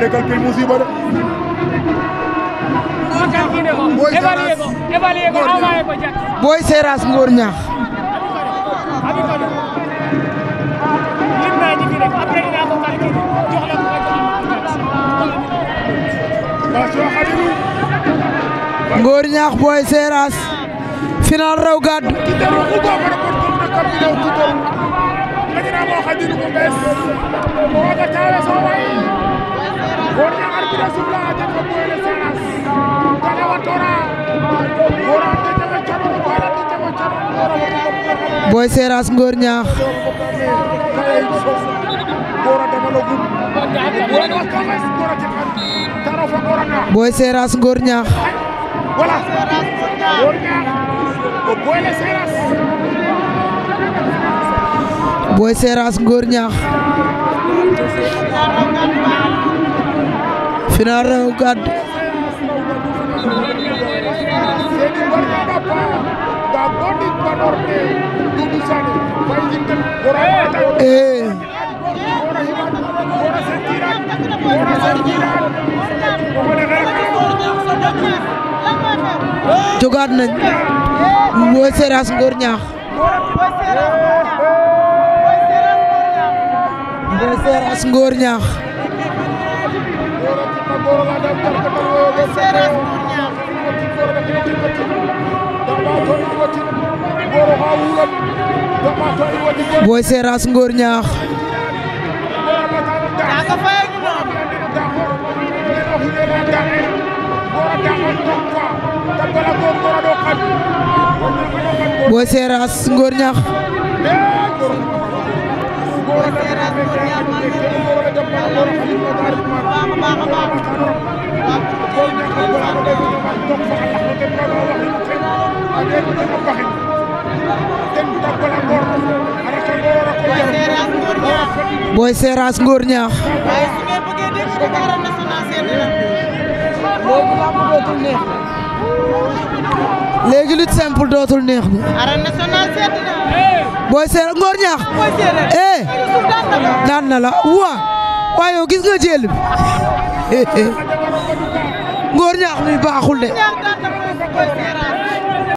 le calcul musiba de. booy Seras évalué ko booy seraas ko ngor ñaax boy seras ngor ñaax voilà ngor ngor ñaax final raw eh. jogaat nañ Boy Seras Ngor Niakh Boy Seras Ngor Niakh booy Seras Ngor Niakh Boy Seras Ngor Niakh baax a baax a baax Boy Seras Ngor Niakh waaye léegi lutte simple dootul neex bi. booy seet ngor ñaax. booy seet daan na la wa waaye yow gis nga jël bi ngor ñaax mi baaxul